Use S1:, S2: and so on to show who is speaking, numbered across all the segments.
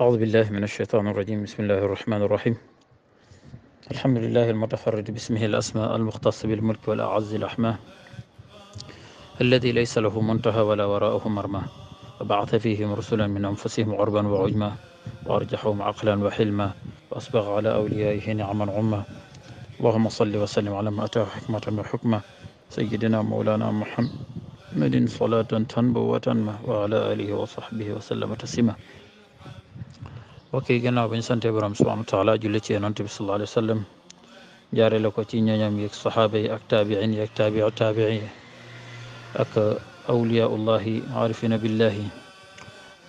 S1: أعوذ بالله من الشيطان الرجيم بسم الله الرحمن الرحيم الحمد لله المتفرد باسمه الأسماء المختص بالملك والأعز الأحمى الذي ليس له منتهى ولا وراءه مرمى وبعث فيهم رسلا من أنفسهم عربا وعجما وأرجحهم عقلا وحلما وأسبغ على أوليائه نعما عما اللهم صل وسلم على ما أتاه حكمة وحكمة سيدنا مولانا محمد صلاة تنبو وتنمى وعلى آله وصحبه وسلم تسليما mbokk yi gannaaw bi ñu sante borom subhaanahu wa taala julli ci yonent bi sallallahu alayhi wa sallam ko ci ñooñam yeeg saxaaba yi ak taabiin yi ak taabiu taabii yi ak awliyaullahi billahi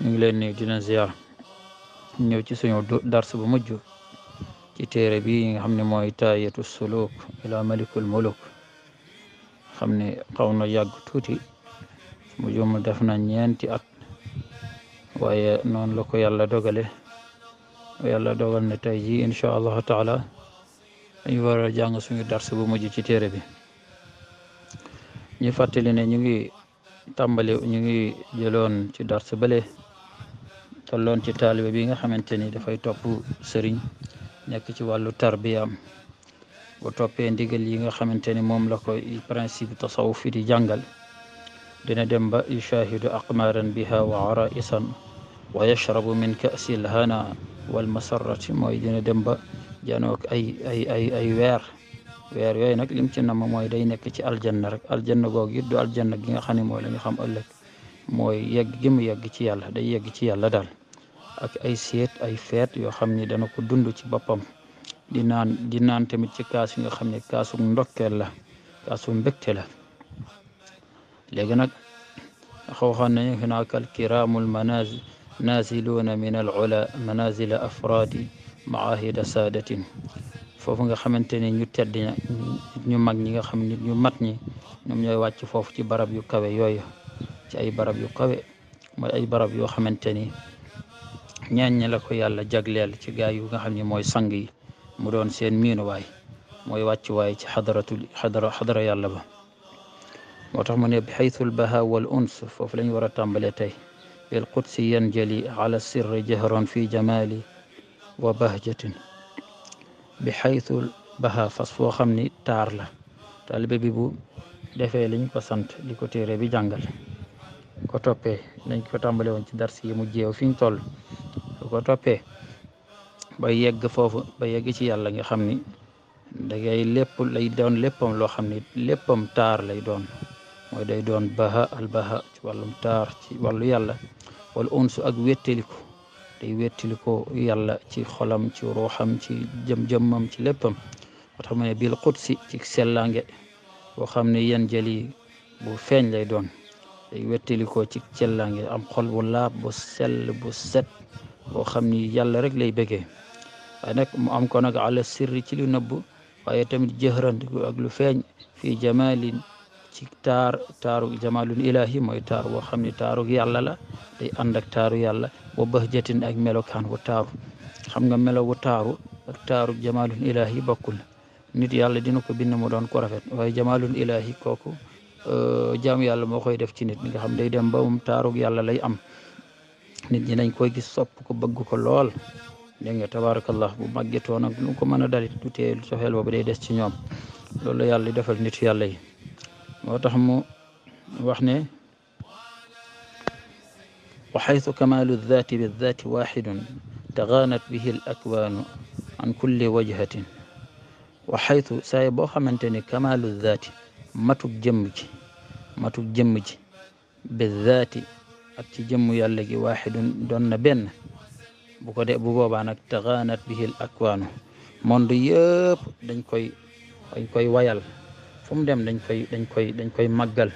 S1: ñu ngi leen ni dina ziar ñëw ci suñu dars bu mujj ci téere bi nga xam ne mooy taayatu suluk ila malikul muluk xam ni xaw na yàgg tuuti mu jum na ñeenti at waaye noonu la ko yàlla dogale يلا دوغال نتا ان شاء الله تعالى ني ورا جانغ سوني دارس بو موجي تي تيري بي ني فاتلي ني نيغي تامبالي نيغي جيلون تي دارس بالي تولون تي طالب بيغا خامتيني دا فاي توپ سيرين نيك تي والو تربيام و توپي ديغال ييغا خامتيني موم لاكو اي برينسيپ تصوفي دي جانغال دنا دم با يشاهد اقمارا بها وعرائسا ويشرب من كاس الهنا wal masarrati mooy dina dem ba janook ay ay ay ay weer weer yooyu nag lim ci namm mooy day nekk ci aljanna rek aljanna googu it du aljanna gi nga xam ne mooy la xam ëllëg mooy yegg gi mu yegg ci yàlla day yegg ci yàlla daal ak ay seet ay feet yoo xam ni dana ko dund ci boppam di naan di naan tamit ci kaas yi xam ne kaasu ndokkeel la kaasu mbégte la léegi nag waxoon nañu hunaakal kiraamul manazil naaziluna min al ula manazila afraadi maahida saadatin foofu nga xamante ne ñu tedd ña ñu mag ñi nga xam nit ñu mat ñi ñoom ñooy wàcc foofu ci barab yu kawe yooyu ci ay barab yu kawe mooy ay barab yoo xamante ni ñaan ñi la ko yàlla jagleel ci gaay yu nga xam ne mooy sang yi mu doon seen miinuwaay mooy wàccuwaay ci xadaratul xadara xadara yàlla ba moo tax mu ne bi xaytul baha wal uns foofu lañ war a tàmbalee tey بالقدس ينجلي على السر جهرا في جمالي وبهجة بحيث بها فصفو خمني تارلا طالب taar دفعي لن bi bu defee liñ ko sant li ko téere bi jàngal ko toppee dañ ko tàmbale woon ci dars yi mu jeew fi ñu toll su ko lépp lay doon léppam léppam lay doon day doon baha al baha ci wàllum taar ci wàllu yàlla wala unsu ak wéttaliko day wéttaliko yàlla ci xolam ci ruuxam ci jëm-jëmmam ci léppam moo tax mu ne bil qudsi ci sellange boo xam ne yan jëli bu feeñ lay doon day wéttalikoo ci sellange am xol bu laab bu sell bu set boo xam ni yàlla rek lay bëggee am ko ala sirri ci lu nëbb waaye tamit jëxëran ak lu feeñ fii jamalin ci taar taaru jamaalul ilahi mooy taar boo xam ne taaru yàlla la day ànd ak taaru yàlla wa bax jatin ak melokaan wu xam nga melo wu ak taaru jamaalul ilahi bokkul nit yàlla dina ko bind mu doon ko rafet waaye jamaalul ilahi kooku euh, jam yàlla moo koy def ci nit nga xam day dem ba moom taarug yàlla lay am nit ñi dañ koy gis sopp ko bëgg ko lool dégg nga tabaarakallah bu màggetoon ak lu ko mën a dalit du tee soxeel boobu day des ci ñoom loolu yàlla defal nit yàlla yi وتح وحنا وحيث كمال الذات بالذات واحد تغانت به الأكوان عن كل وجهة وحيث سايبوها من تني كمال الذات ما تجمج ما تجمج بالذات التجمع يلقى واحد دون بين بقد بقوا بانك تغانت به الأكوان من ريب دنكوي دنكوي ويل fu mu dem dañ koy dañ koy dañ koy màggal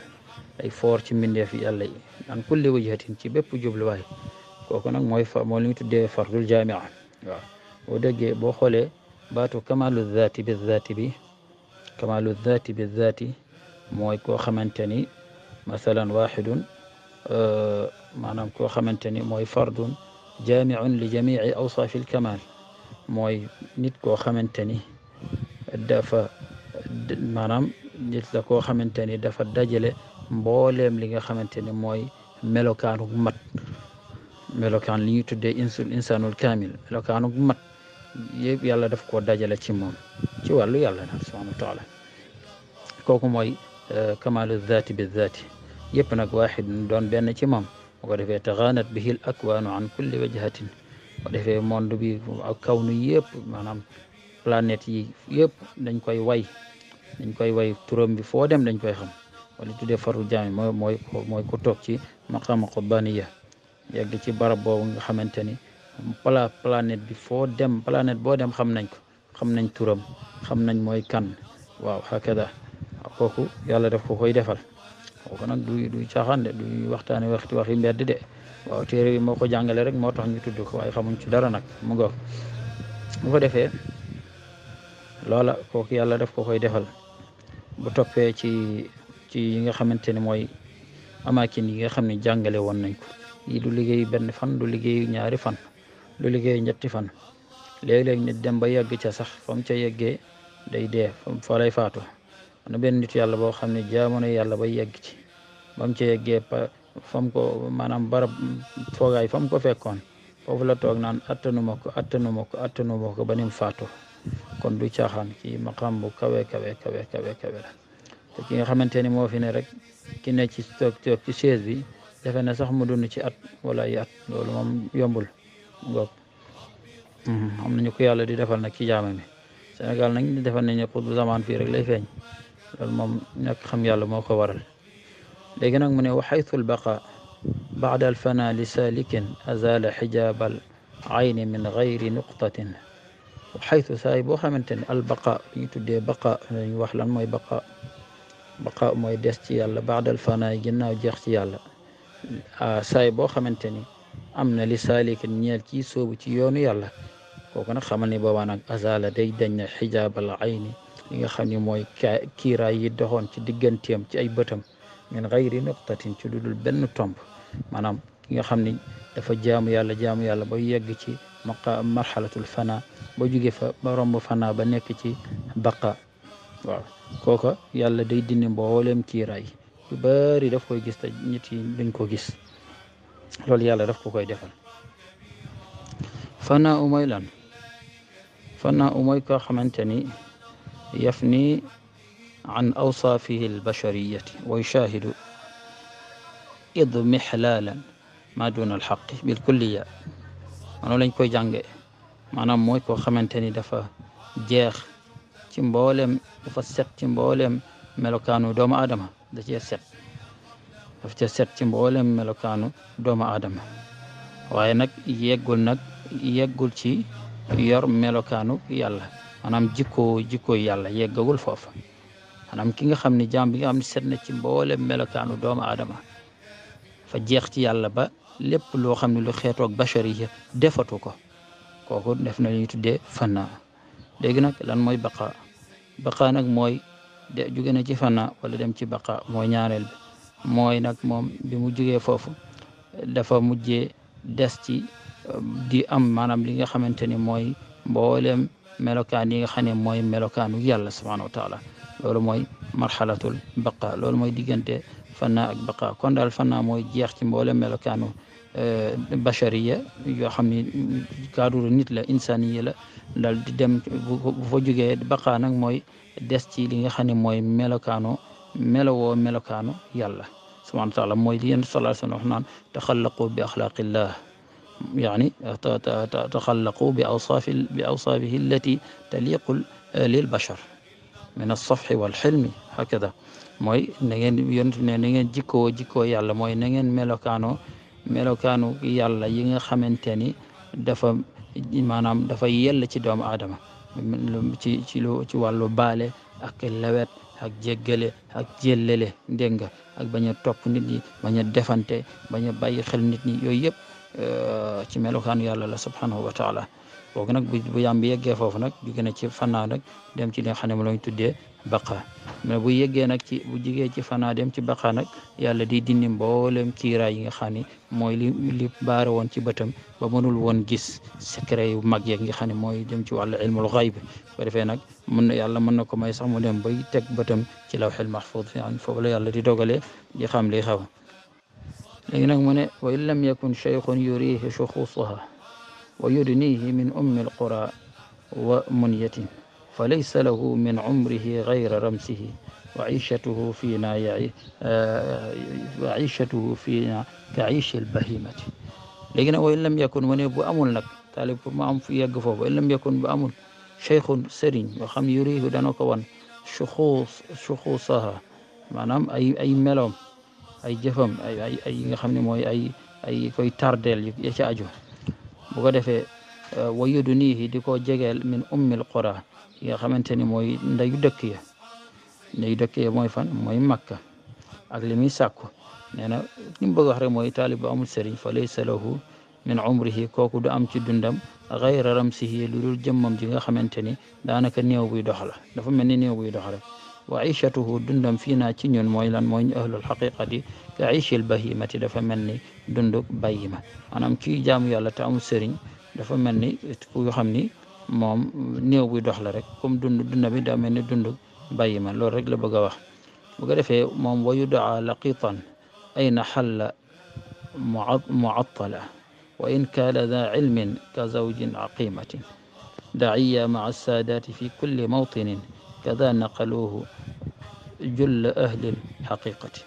S1: day foor ci mbindeef yi yàlla yi an kulli wajhatin ci bépp jubluwaay kooku nag mooy fa moo li ñu tuddee fardul jaamia waaw boo déggee boo xoolee baatu kamalu zaati bi zaati bi kamalu zaati bi zaati mooy koo xamante ni masalan waxidun maanaam koo xamante ni mooy fardun jaamiun li jamici awsaafi lkamal mooy nit koo xamante ni dafa maanaam nit la koo xamante ni dafa dajale mbooleem li nga xamante ni mooy melokaanuk mat melokaan li ñuy tuddee insul insaanul kaamil melokaanuk mat yëpp yàlla def koo dajale ci moom ci wàllu yàlla nag subhaanahu wa taala kooku mooy euh, kamaalu zaati bi zaati yëpp nag waaxid doon benn ci moom bu ko defee taxaanat bihi l akwaanu an kulli wajhatin bu ko defee monde kaw nu yëpp maanaam planète yi yëpp dañ koy way dañ koy way turam bi fo dem dañ koy xam wala tuddee faru jami moy moy moy ko tok ci maqam qubaniya yegg ci barab bo nga xamanteni pla planète bi fo dem planète bo dem xam nañ ko xam nañ turam xam nañ moy kan waaw hakada kooku yalla def ko koy defal kooku nak du du chaxan de du waxtaane waxti waxi mbedd de waaw téré bi moko jangalé rek mo tax ñu tuddu ko way xamuñ ci dara nak mu ngoog mu ko yalla def ko koy defal bu toppee ci ci yi nga xamante ne mooy amaakin yi nga xam ne jàngale woon nañ ko yi du liggéey benn fan du liggéey ñaari fan lu liggéey ñetti fan léeg-léeg nit dem ba yegg ca sax fa mu ca yeggee day dee fa lay faatu na benn nit yàlla boo xam ne jaamono yàlla ba yegg ci ba fam ko maanaam barab foogaay fam ko fekkoon foofu la toog naan attanuma ko attanuma ko attanuma ko ba faato kon du caaxaan kii maqam bu kawee kawe kawe kawe kawe la te ki nga xamante ni moo fi ne rek ki ne ci toog toog bi defe na sax mu dund ci at wala ay at loolu moom yombul ngoog hmm, am nañu ko yàlla di defal nag ci jaama mi Sénégal na ñu defal nañu xut bu zamaan fii rek feeñ loolu moom ñàkk xam yàlla moo ko waral léegi nag mu ne wa xaytu lbaqa baada alfana li salikin azala xijaabal ayni min gayri nuqtatin حيث ساي بو خامتاني البقاء ني تودي بقاء ني واخ لان موي بقاء بقاء موي ديس سي يالا بعد الفناء جيناو جيخ سي يالا آه، ساي بو خامتاني امنا لسالك نيال كي سوب تي يونو يالا كوكو نا خامني بابا نا ازال داي دنج حجاب العين ليغا خامني موي كيرا يي دوخون تي ديغنتيام تي اي بتام من غير نقطه تي دودول بن تومب مانام ليغا خامني دا فا جامو يالا جامو يالا با ييغ مرحلة الفناء بوجي فا برام فنا بنيك تي كوكا يالا دي دين بولم كي راي باري داف كوي غيس نيتي دنج كو غيس لول يالا داف كوي ديفال فنا اميلان فنا اميكا خمنتني يفني عن اوصافه البشريه ويشاهد اضمحلالا ما دون الحق بالكليه noonu lañ koy jànge maanaam mooy koo xamante ni dafa jeex ci mboolem dafa set ci mboolem melokaanu doomu aadama da cee set daf cee set ci mboolem melokaanu doomu aadama waaye nag yeggul nag yeggul ci yor melokaanu yàlla maanaam jikko jikko yàlla yeggagul foofa maanaam ki nga xam ne jaam bi nga xam ne set na ci mboolem melokaanu doomu aadama fa jeex ci yàlla ba lépp loo xam ne lu xeetoog bachariya defatu ko kooku def na lu ñuy tuddee fanna léegi nag lan mooy baqa baqa nag mooy de jóge na ci fanna wala dem ci baqa mooy ñaareel bi mooy nag moom bi mu jógee foofu dafa mujjee des ci di am maanaam li nga xamante ni mooy mbooleem melokaan yi nga xam ne mooy melokaanu yàlla subhanahu wa loolu mooy marxalatul baqa loolu mooy diggante fanna ak baqa kon daal fanna mooy jeex ci mboolem melokaanu البشرية آه، يحمي خامي كادور نيت لا انسانيه لا دال دي ديم بو جوغي بقا نك موي ديس تي ليغا خاني موي ميلوكانو ميلو ميلوكانو يالا سبحانه وتعالى موي دي صلى الله عليه وسلم نان تخلقوا باخلاق الله يعني تخلقوا باوصاف باوصافه التي تليق للبشر من الصفح والحلم هكذا موي نين نين جيكو جيكو يالا موي نين ميلوكانو melokaanu yàlla yi nga xamante ni dafa maanaam dafa yell ci doomu aadama ci ci lu ci wàllu baale ak lewet ak jéggale ak jéllale dégg nga ak bañ a topp nit ñi bañ a defante bañ a xel nit ñi yooyu yëpp euh, ci melokaanu yàlla la subhanahu wa taala kooku nag bu bu yeggee foofu nag jóge na ci fannaa nag dem ci li nga xam ne mo tuddee بقى ما بو ييغي نك تي بو جيغي ديم تي بقى نك يالا دي ديني مبولم تي راي خاني موي لي بار وون تي بتام با مونول وون غيس سيكري يو خاني موي ديم تي وال علم الغيب فريفه من يالا من نكو ماي سام ديم باي تك بتام تي لوح المحفوظ يعني فولا يالا دي دوغالي جي خام لكن من وإن لم يكن شيخ يريه شخوصها ويدنيه من أم القرى ومنيته فليس له من عمره غير رمسه وعيشته فينا آه، وعيشته فينا كعيش البهيمة لكن وإن لم يكن ونيب أمل لك طالب معهم في يقفه وإن لم يكن بأمل شيخ سرين وخم يريه دانوكوان شخوص شخوصها معناه أي أي ملوم أي جفم أي أي أي خمني موي أي أي كوي تاردل يشاجو بقدر في آه، ويدنيه ديكو جعل من أم القرآن يا خمنتني موي نيدكية نيدكية موي فن موي مكة أكلمي ساكو أنا نبغى هري موي طالب أمور سري فليس له من عمره كوكو دام تدندم غير رمسه لرجل جمم جيغا خمنتني دا أنا كنيو بي دخلا دا فمني نيو بي دخلا وعيشته دندم فينا تنين موي لان موي أهل الحقيقة دي كعيش البهيمة دا فمني دندق بهيمة أنا مكي جامي الله تأمور سري دا فمني تكو يخمني mom néew buy dox la rek comme dund dund bi da melni dund bayima ma rek la bëgg wax bu ko defé mom wayu du'a laqitan ayna halla muattala wa in kaana daa cilmin ka zawjin aqimatin daciya maa saadaati fi kulli mawtinin kada naqaluuhu julla ahli lxaqiqati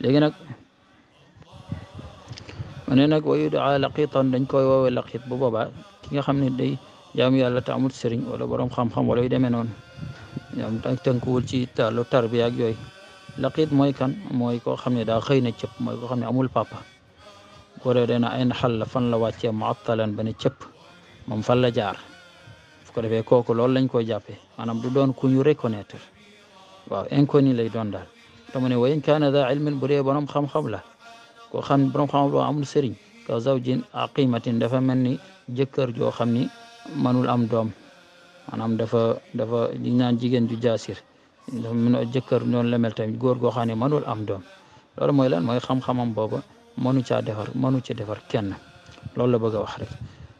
S1: léegi nag mu ne nag wa yudaa laqitan dañ koy woowee laqit bu boobaa ki nga xam ne day jaamu yàlla te amul sëriñ wala borom xam-xam wala yu demee noonu ñoom tënkuwul ci tàllu tarbiya ak yooyu laqit mooy kan mooy koo xam ne daa xëy na cëpp mooy koo xam ne amul papa ko dee dana ay xal la fan la wàccee muattalan ba ne cëpp moom fan la jaar fu ko defee ko loolu lañ koy jàppee maanaam du doon ku ñu reconnaître lay doon daal te ne wa in kaana daa ilmin bu dee borom xam la koo xam borom xam-xam la amul ka zawjin aqimatin dafa mel ni jëkkër joo xam ni manul am doom maanaam dafa dafa li naan jigéen ju jaasir mun a jëkkër noonu la mel tamit góor goo xam ne manul am doom loolu mooy lan mooy xam-xamam booba mënu caa defar mënu ci defar kenn loolu la bëgg a wax rek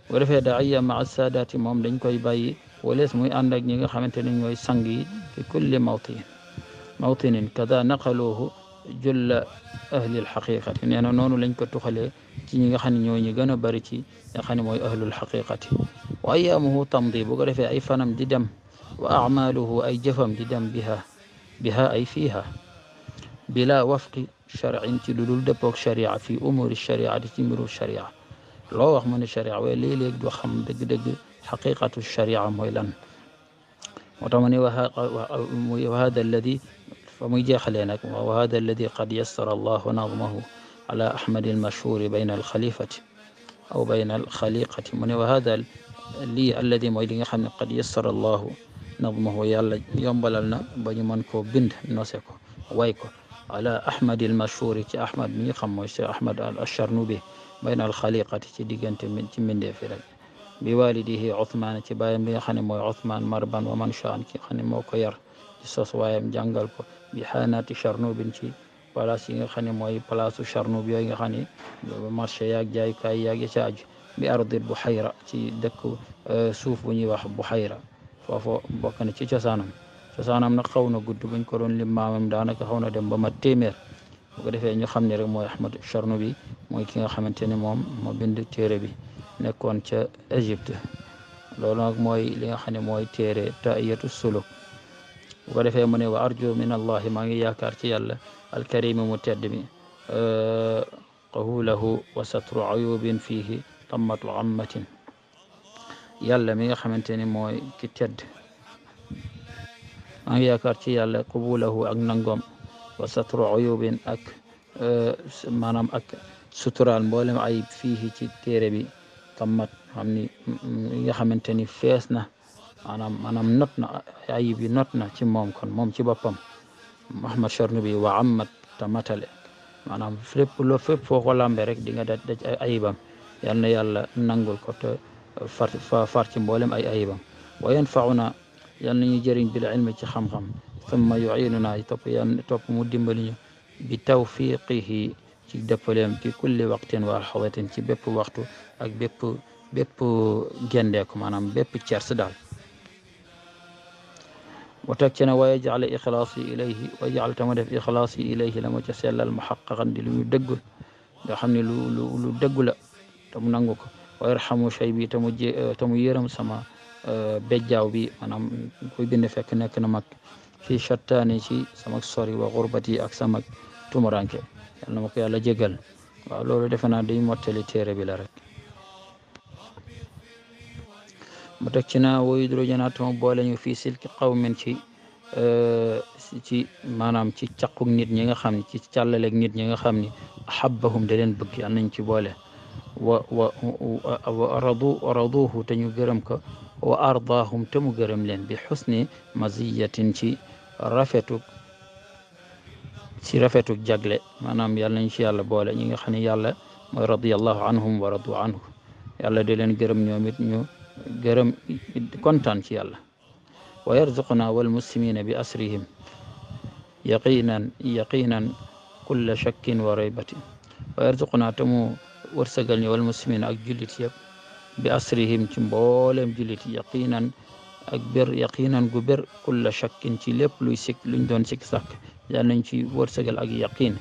S1: bu defee daaya maa saadaati moom dañ koy bàyyi walees muy ànd ak ñi nga xamante ne ñooy sang yi fi kulli mawtin mawtinin kada naqaluhu julla ahli alxaqiqati nee noonu lañ ko tuxalee ci ñi nga xamni ñoo ñi gëna bari ci nga xamni moy ahlul haqiqati wa ayyamuhu tamdi bu ko defé ay fanam di dem wa a'maluhu ay jëfam di dem biha biha ay fiha bila wafqi shar'in ci dulul dul dëppoog sharia fi umuri sharia di ci mbiru sharia lo wax mo ni sharia way leeg leg du xam deug deug haqiqatu sharia moy lan moo tax mu ne wa hada alladi fa muy jeexalee nag wa hada alladi qad yassara allahu nazmahu على أحمد المشهور بين الخليفة أو بين الخليقة من وهذا لي الذي مويل يخمي قد يسر الله نظمه يلا ينبل لنا بجمانكو بند نسكو ويكو على أحمد المشهور كي أحمد من يخمي أحمد الشرنوبي بين الخليقة كي ديجان من دي بوالده عثمان كي باي من يخمي موي عثمان مربان ومن شان كي خاني موكو ير جسوس وايم جنگل بحانات شرنوبي كي place yi nga xam ne mooy place Charnoub yooyu nga xam ne marché yaag jaayukaay yaag ya ca aju bi ardil bu xayra ci dëkk euh, suuf bu ñuy wax bu xayra foofu bokk na ci cosaanam cosaanam nag xaw na gudd buñ ko doon lim maamam daanaka xaw na dem ba mat téeméer ko defee ñu xam ne rek mooy Ahmad bi mooy ki nga xamante ne moom moo bind téere bi nekkoon ca Égypte loolu nag mooy li nga xam ne mooy téere taiyatu suluk bu ko defee mu ne wa arju min allahi maa ngi yaakaar ci yàlla الكريم المتدم أه، قهوله وستر عيوب فيه طمة عمة يلا مي خمنتني موي كتد أنا كارتي يلا قبوله أجنغم وستر عيوب أك أه، مانام أك ستران بولم عيب فيه تيربي طمت همني يا خمنتني فيسنا أنا أنا نطنا عيبي نطنا تي موم كون موم تي بابام Ahmad Chernoby wa amat te matale maanaam fépp loo fépp foo ko làmbee rek di nga daj daj ay ayibam yal na yàlla nangul ko te far far ci mboolem ay ayibam wa yanfauna yal nañu jëriñ bil ilmi ci xam-xam summa yuinuna topp yan topp mu dimbali ñu bi tawfiqihi ci dëppaleem ci kulli waqtin wa xawatin ci bépp waxtu ak bépp bépp gendeeku maanaam bépp cers daal mu teg ci ne waaye jaxle ixlaas yi ilayhi waaye jaxle tama def ixlaas yi ilayhi la ca sellal mu xaqaqan di lu ñu dëgg nga xam ne lu lu lu dëggu la te nangu ko waaye raxamu shay bi tamu j tamu yërëm sama e, bejjaaw bi maanaam koy gën a fekk nekk na mag fii chattaani ci sama sori wa xurbati ak sama tumuranke yal na ma ko yàlla jégal waaw loolu defe naa day mottali téere bi la rek mu teg ci na woyu duro janaat mu boole ñu fii silki qawmin ci eh, ci maanaam ci caquk nit ñi nga xam ne ci càllaleeg nit ñi nga xam ne ahabbahum da leen bëgg yal nañ ci boole wa wa wa radu raduhu gërëm ko wa ardaahum gërëm leen bi xusni maziyatin ci rafetuk ci rafetuk jagle maanaam yal nañ ci yàlla boole ñi nga xam ne yàlla mooy radiallahu anhum wa anhu yàlla da leen ñu gërëm kontaan ci yàlla wa yarzuqna wal muslimina bi asrihim yaqinan yaqinan kulla shakkin wa raybatin wa yarzuqna tamu wërsëgal ñu wal muslimina ak jullit yëpp bi asrihim ci mboolem jullit yaqinan ak bér yaqinan gu bér kulla shakkin ci lépp luy sikk luñ doon sikk sàkk yal nañ ci wërsëgal ak yaqin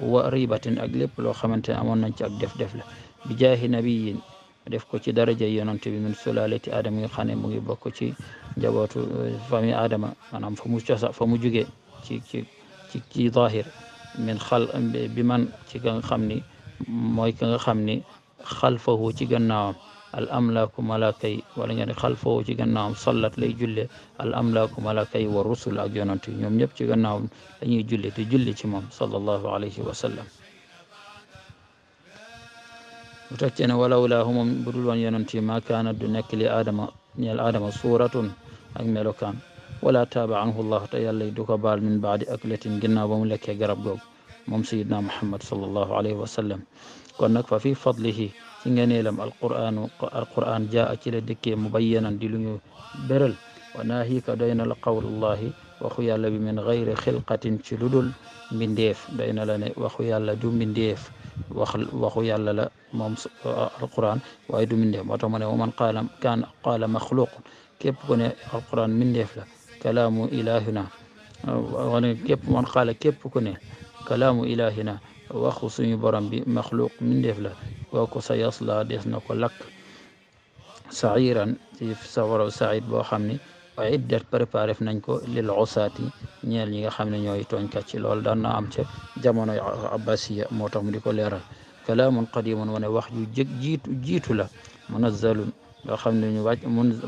S1: wa ribatin ak lépp loo xamante ne amoon nañ ci ak def-def la bi jaahi nabiyin def ko ci daraja yonante bi min sulalati adama adam nga xam ne mu ngi bokk ci njabootu euh, famille adama maanaam fa mu cosa fa mu jugee ci ci ci ci zahir min xal bi man ci ka nga xam ni mooy ka nga xam ni xalfahu ci gannaawam al amlaaku malaaka yi wala nga ne xalfahu ci gannaawam sallat lay julle al amlaaku malaaka yi wa rusul ak yonante yi ñoom ñëpp ci gannaawam dañuy julle ti julli ci moom sallallahu alayhi wa sallam mu teg ci ne walawlaa hu moom bu dul woon yonent yi ma kaanat du nekk li aadama ñeel aadama suuratun ak melokaan wala taaba anhu llah te yàlla du ko baal min baadi aklatin ginnaaw ba mu lekkee garab googu moom sayidna muhammad sallallahu alayhi wa sallam kon nag fa fi fadlihi ci ngeneelam alqur'anu alqur'an jaa ci la dikkee mubayyanan di lu ñu béral wa naahiika doy na la qawlullahi waxu yàlla bi min gayri xilqatin ci ludul mbindeef doy na la ne waxu yàlla du mbindeef وخل وخو لا القران وايدو من ديف موتو من ومن قال كان قال مخلوق كيب كوني القران من ديف لا كلام الهنا وانا كيب من قال كيف كوني كلام الهنا وخو سوني بروم بي مخلوق من ديف لا وكو سيصلى ديس نكو سعيرا في سعور سعيد بو خامني وعدت نانكو للعصاتي ñeel ñi nga xam ne ñooy tooñkat ci loolu daan am ca jamono abbasiya moo tax mu di ko leeral kalaamun qadimun wane wax ju jëg jiitu jiitu la munazzalun nga xam ne ñu wàcc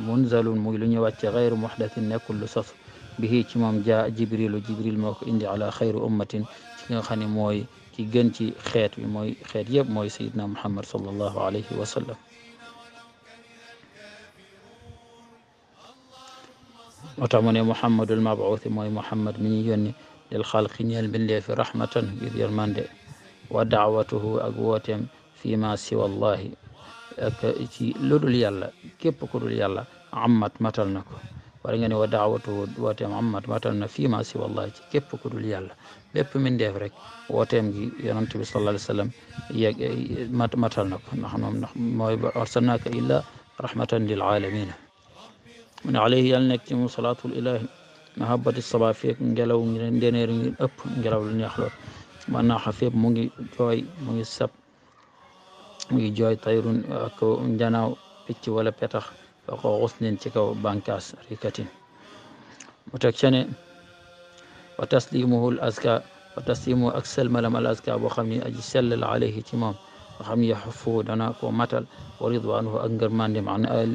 S1: munzalun muy lu ñu wàcce xayru muxdathin nekkul lu sos bihi ci moom jaa jibrilu jibril moo ko indi ala xayru ummatin ci nga xam ne mooy ci gën ci xeet bi mooy xeet yëpp mooy sayidna muhammad sallallahu alayhi wa sallam moo tax mu ne muhammadul mabuuthi mooy muhammad mi ñu yónni lil xalqi ñeel mbindeefi rahmatan ngir yërmande wa daawatuhu ak wooteem fii ma siwa allahi ak ci lu dul yàlla képp ku dul yàlla ammat matal na ko wala nga ne wa daawatuhu wooteem ammat matal na fii ma siwa ci képp ku dul yàlla bépp mbindeef rek wooteem gi yonent bi sallallahu alayhi wa sallam ko ndax moom ndax illa rahmatan lil alamina mu ne alayhi yàlla nekk ci mu salaatul ilahi mahabati saba feek ngelaw ndeneer ngelaw lu neex lool man naa xa fépp mu ngi jooy mu ngi sab mu ngi jooy tayrun ak njanaaw picc wala ci kaw bankaas rikatin mu teg ca wa taslimu ak selmalam al azka boo xam ne aji sellal alayhi ci moom boo xam ne yaxfu dana ko matal wa ridwanuhu ak ngërmandem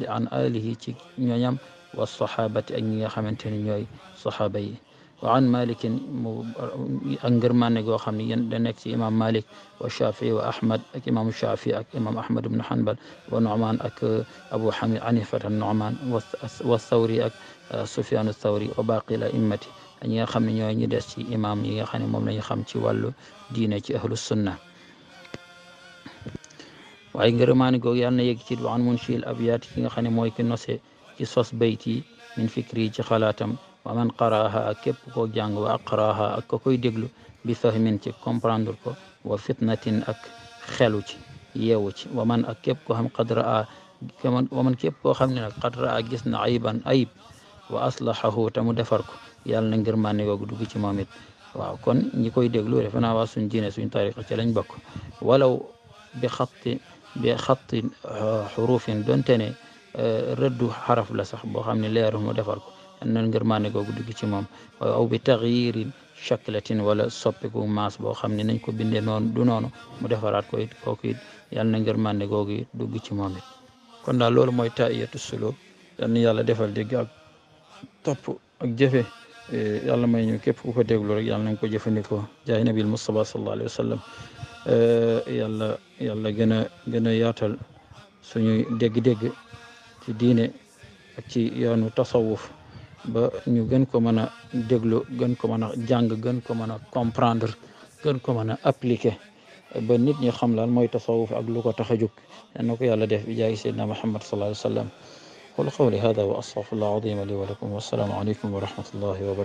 S1: an alihi ci ñoñam والصحابة أن يخمن تنيوي صحابي وعن مالك عن قرمان نقو خمني لنكت إمام مالك والشافعي وأحمد أك إمام الشافعي أك إمام أحمد بن حنبل ونعمان أك أبو حميد عنيفة النعمان والثوري أك سفيان الثوري وباقي الأئمة أن يخمن يوي ندسي إمام يخمن مملا يخمن تيوالو دينك أهل السنة وعن قرمان نقو يكتير وعن منشي الأبيات كي مويك النصي كسوس بيتي من فكري جخلاتم ومن قراها كيب كو جانغ واقراها اك كوي ديغلو بفهم انت كومبراندور كو وفتنه اك خلوتي يوتي ومن اك كو هم قدر كمان ومن كيب كو خمن قد راى جسن عيبا عيب واصلحه تم دفرك يال نغير ما نيو دوغي تي ماميت واو كون ني كوي ديغلو رفنا وا سون جيني سون تاريخ تي لاني بوك ولو بخط بخط آه، حروف دونتني rëddu xaraf la sax boo xam ne leeru mu defar ko noonu ngir maa ne googu dugg ci moom aw bi taxyirin chaklatin wala soppiku maas boo xam ne nañ ko bindee noonu du noonu mu defaraat ko it kooku it yal na ngir maa ne googu it dugg ci moom it kon daal loolu mooy taiyatu suluk yal na yàlla defal dégg ak topp ak jëfe yàlla may ñu képp ku ko déglu rek yàlla nañ ko jëfandikoo jaay nabil mustapha sallallahu alayhi wa sallam yàlla yàlla gën a gën a yaatal suñuy dégg-dégg ci diine ak ci yoonu tasawuf ba ñu gën ko mën a déglu gën ko mën a jàng gën ko mën a comprendre gën ko mën a appliquer ba nit ñi xam la mooy tasawuf ak lu ko tax a jóg na ko yàlla def bi jaay seydina muhammad sallallahu alayhi wa sallam qul qawli hada wa astaghfirullah azim li wa lakum wassalaamu aleykum